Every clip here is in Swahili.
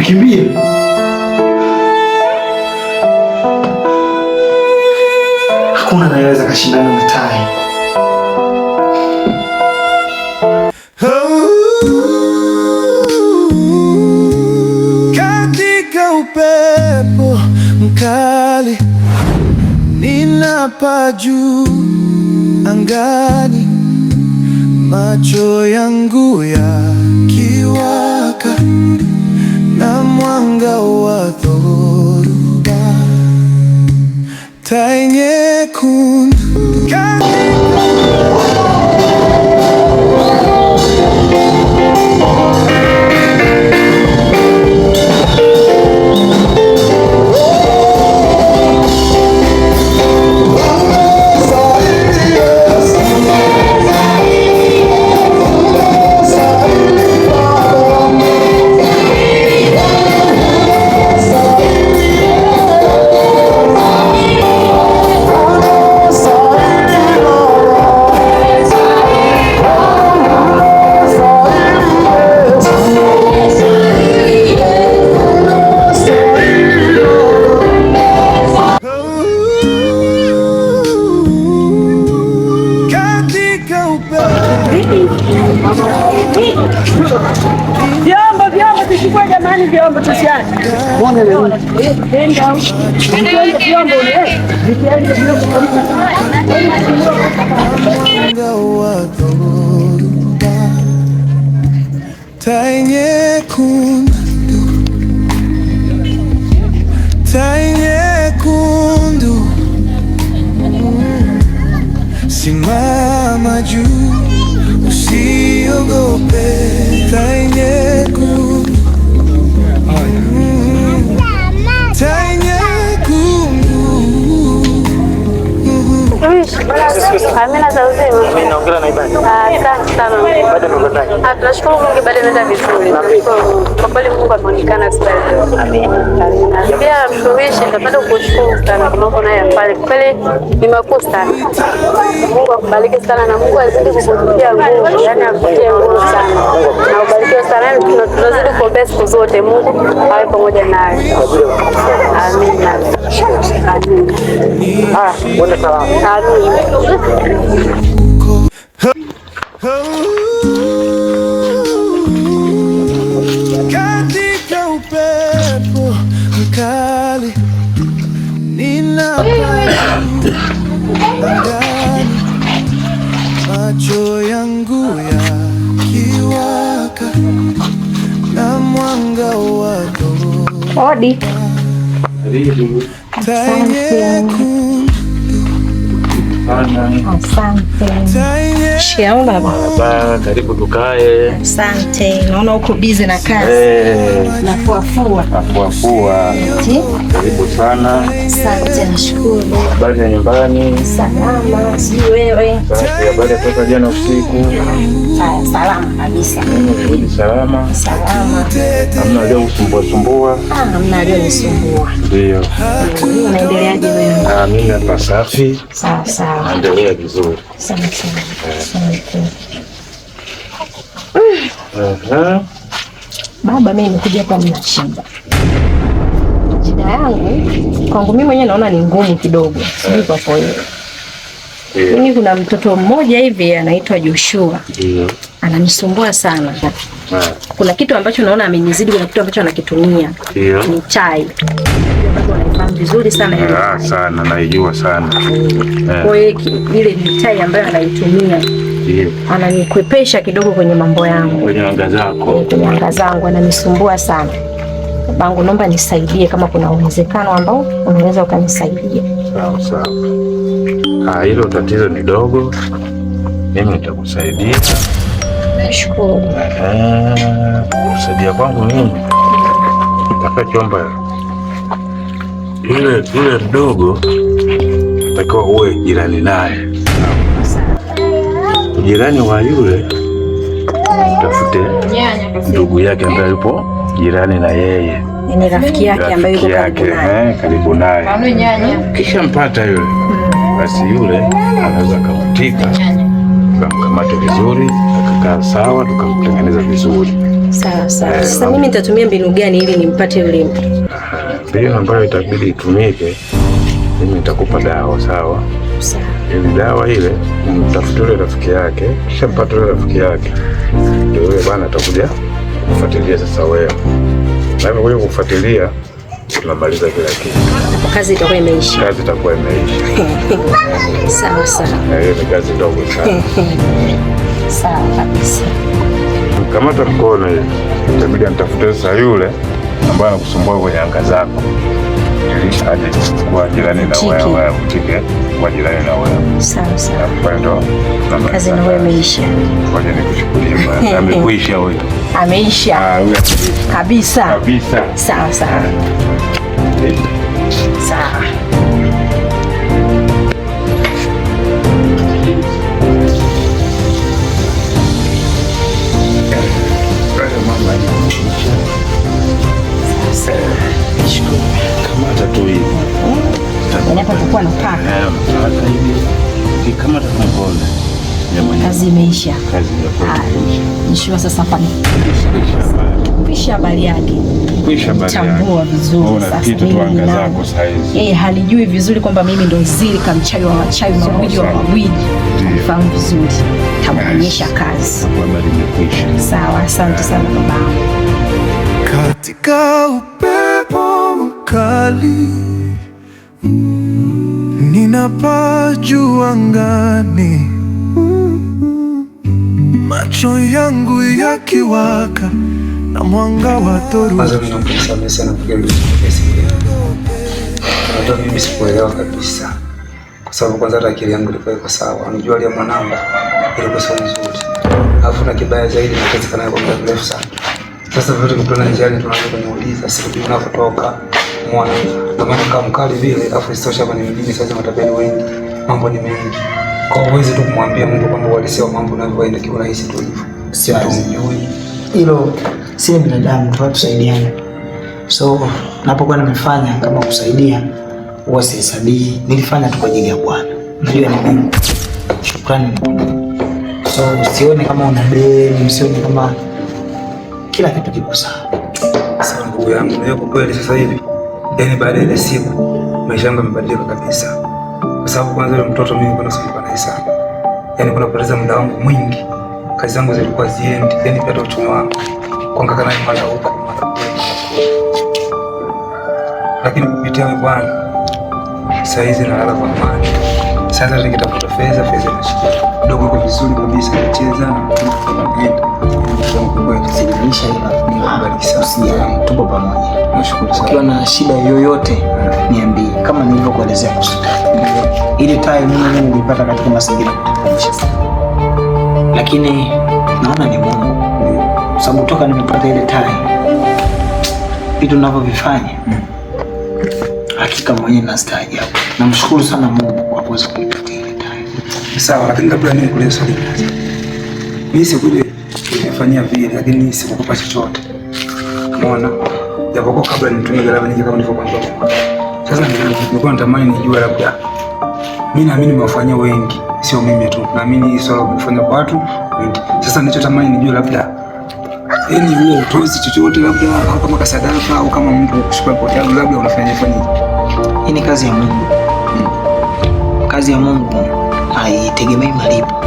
tukimbie. Hakuna anayeweza kashindana na tai. Katika upepo mkali ninapaa juu angani, macho yangu yakiwa mwanga wa dhoruba, taa nyekundu Vyombo vyombo tuchukue jamani, vyombo tusiache tai nyekundu, tai nyekundu, simama juu usiogope, tainye Amina za uzima. Amina, hongera na ibada. Ah, asante sana. Ibada imekwendaje? Ah, tunashukuru Mungu, ibada imeenda vizuri. Kwa kweli Mungu ameonekana siku Amina. Pia mtumishi, napenda kukushukuru sana kwa mambo unayoyafanya. Kwa kweli ni makuu sana. Mungu akubariki sana na Mungu azidi kukutia nguvu. Yaani akutie nguvu sana. Na ubarikiwe sana. Yaani tunazidi kuombea siku zote. Mungu awe pamoja nawe. Amina. Amina. Ah, wonderful. Amina. Katika upepo mkali macho yangu yakiwaka na mwanga wako 好三分。fresh baba? Baba, karibu tukae. Asante. Naona uko busy na kazi. Eh, nafua fua. Nafua fua. Karibu sana. Asante, nashukuru. Habari ya nyumbani? Salama. Sijui wewe. Habari kutoka jana usiku? Salama kabisa. Mm, rudi salama. Salama. Hamna leo usumbua sumbua? Ah, hamna leo usumbua. Ndio. Unaendeleaje wewe? Ah, mimi hapa safi. Sawa sawa. Naendelea vizuri. Asante sana. Eh. Mhm. Baba, mimi nimekuja kwa mna jina yangu kwangu mimi mwenyewe naona ni ngumu kidogo, sijui kwa kweli. Eh. Mimi kuna mtoto mmoja hivi anaitwa Joshua yeah. Ananisumbua sana yeah. Kuna kitu ambacho naona amenizidi, kuna kitu ambacho anakitumia yeah. Ni chai vizuri sana yeah, sana naijua sana yeah. Kwa hiyo ile ni chai ambayo anaitumia ananikwepesha kidogo kwenye mambo yangu, kwenye anga zako, kwenye anga zangu, ananisumbua sana. Babangu, naomba nisaidie kama kuna uwezekano ambao unaweza ukanisaidia. Sawa sawa, ah, hilo tatizo ni dogo, mimi nitakusaidia. Nashukuru. Kusaidia kwangu mimi nitakachoomba yule yule mdogo, takiwa uwe jirani naye jirani wa yule tafute ndugu yake ambaye yupo jirani na yeye, ni rafiki yake ambaye yuko karibu naye, eh, kisha mpata yule, basi yule anaweza akautika tukamkamata vizuri, akakaa sawa, tukamtengeneza vizuri. Sawa sawa. Eh, Sasa mimi nitatumia mbinu gani ili nimpate yule mtu? Mbinu ambayo itabidi itumike mimi nitakupa dawa sawa? Sawa. Ili dawa ile mtafute rafiki yake, kisha mpate rafiki yake, ndio yule bwana atakuja kufuatilia sasa wewe, na kuja kufuatilia tunamaliza kila kitu, kazi itakuwa imeisha. Kazi itakuwa imeisha. Sawa sawa, hiyo ni kazi ndogo sana. Sawa kabisa. Kamata mkono hivi, itabidi nitafute sasa yule ambaye anakusumbua kwenye anga zako ili aje kuwa jirani na wewe au kuwa jirani na wewe. Kwa hiyo kazi na imeisha. Kwa nikushukuru. Amekuisha wewe. Ameisha. Ah, Kabisa. Kabisa. sawa. Sawa. Ah. Sawa hata tu hivi inapokuwa na paka kama tunaona kazi imeisha, nishua sasa pana pisha habari yake tambua vizuri sasa. Yeye halijui vizuri kwamba mimi ndo zili kamchawi wa wachawi mawiji wa mawiji, fahamu vizuri, tamwonyesha kazi sawa. Asante sana baba. Katika upepo kali mm. Ninapaa juu angani Macho yangu yakiwaka na mwanga wa dhoruba mimi sikuelewa kabisa, kwa sababu kwanza hata akili yangu ilikuwa iko sawa. Unajua ile mwanangu ilikuwa sio nzuri, alafu na kibaya zaidi na kazi kanayo kwa muda mrefu sana. Sasa vyote kukutana njiani, tunaanza kuniuliza siku unakotoka muone ndomana kaa mkali vile, afu isitosha hapa ni mjini, sasa matapeli wengi, mambo ni mengi, kwa uwezi tu kumwambia mtu kwamba uhalisia wa mambo unavyoenda kiurahisi tu hivyo. Sio azijui hilo, si binadamu tu, tusaidiane. So napokuwa nimefanya kama kusaidia, huwa sihesabii nilifanya tu kwa ajili ya Bwana, najua ni Mungu, shukrani So usione kama una deni, usione kama kila kitu kiko sawa. Sawa ndugu yangu, kwa kweli sasa hivi Yaani baada ya siku maisha yangu yamebadilika kabisa, kwa sababu kwanza yule mtoto mimi nilikuwa nasumbuka naye sana, yaani kuna kupoteza muda wangu mwingi, kazi zangu zilikuwa ziendi, yaani pia uchumi wangu Kwa kaka naye mara huko mara lakini kupitia wewe Bwana saa hizi nalala kwa amani. Sasa nikitafuta fedha, fedha nashika Dogo kwa vizuri kabisa, nacheza na kuenda kabisa, usijali, tupo pamoja. Nashukuru sana. Ukiwa na shida yoyote niambie, kama nilivyokuelezea ili mimi nilipata katika mazingira lakini naona ni Mungu kwa sababu toka nimepata ile tai vitu hakika mwenyewe Namshukuru sana Mungu kwa kuweza kunipatia ile tai. Sawa, lakini kabla nikuulize swali, mimi vile, lakini sikukupa chochote Umeona? Japokuwa kabla nitumie gharama nyingi kama Sasa nilikuwa natamani nijue labda mimi naamini nimewafanyia wengi, sio mimi tu. Naamini hii swala umefanya kwa watu wengi. Sasa nilichotamani nijue labda yani huo utozi chochote labda kama kasadaka au kama mtu kushika kwa yangu labda unafanya fanya. Hii ni kazi ya Mungu. Kazi ya Mungu haitegemei malipo.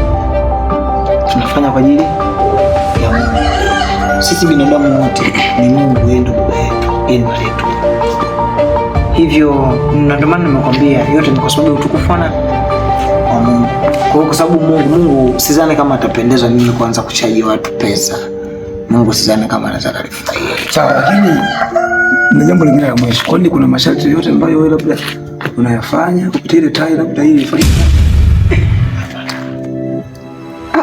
Tunafanya kwa ajili sisi binadamu wote ni Mungu, wetu ndio yetu, yeye ndio letu. Hivyo na ndio maana nimekwambia yote ni kwa sababu utukufu wa Mungu. Kwa hiyo kwa sababu Mungu, Mungu sidhani kama atapendezwa mimi kuanza kuchaji watu pesa. Mungu sidhani kama anataka nifurahie. Sawa, lakini na jambo lingine la mwisho, kwani kuna masharti yote ambayo wewe labda unayafanya kupitia ile tai labda hii ifanye? Ah, ah.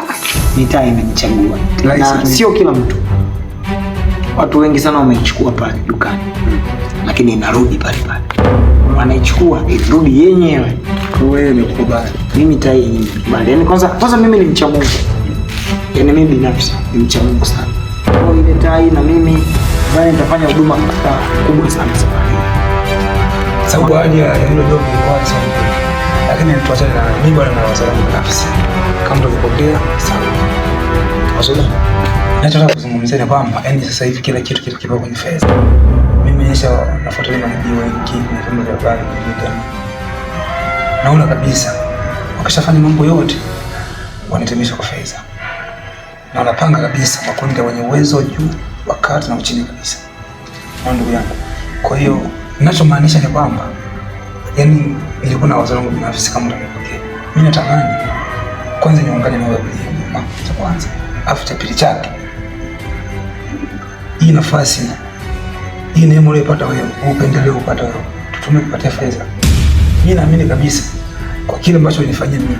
ni Mitaa imenichagua na sio kila mtu Watu wengi sana wameichukua pale dukani, lakini inarudi pale pale, wanaichukua irudi yenyewe. Wewe umekubali, mimi tai nimekubali. Yani kwanza kwanza, mimi ni mcha Mungu, yani mimi binafsi ni mcha Mungu sana. Kwa ile tai na mimi bali nitafanya huduma kubwa sana sana, sababu haja ya hilo dogo kwanza, lakini nitaacha na mimi bwana na wasalama binafsi kama tulivyopokea sana wasoda Nataka kuzungumzia ni kwamba yani sasa hivi kila kitu kitu kipo kwenye fedha. Mimi nisha nafuatilia majibu wengi na vyombo vya habari vingine. Naona kabisa wakishafanya mambo yote wanatimisha kwa fedha. Na wanapanga kabisa makundi ya wenye uwezo juu, wakati na chini kabisa. Na ndugu yangu. Kwa hiyo ninachomaanisha ni kwamba yani nilikuwa na wazo wangu binafsi kama mtakapokea. Mimi natamani kwanza niungane na wewe kwa kwanza. Afu cha pili chake hii nafasi hii neema uliyopata wewe, upendeleo upata wewe, tutumie kupatia fedha. Mimi naamini kabisa kwa kile ambacho unifanyia mimi,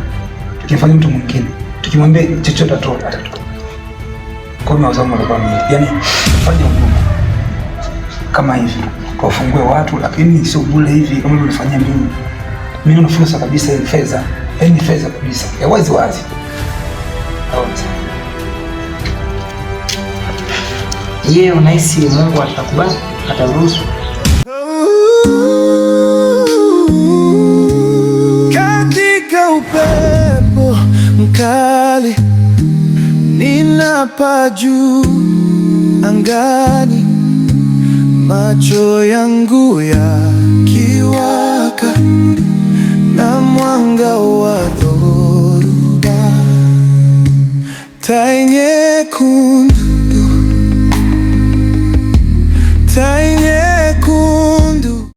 tukifanya mtu mwingine, tukimwambia chochote tu atatoa. Kwa hiyo mawazo yangu yani, fanya huduma kama hivi kwa ufungue watu, lakini sio bure hivi kama ulifanyia mimi. Mimi nina fursa kabisa, ya fedha, yani fedha kabisa ya wazi wazi. Au Je, unahisi Mungu atakubali? Ataruhusu? Katika upepo mkali ninapaa juu angani, macho yangu yakiwaka na mwanga wa dhoruba, taa nyekundu তাই এখন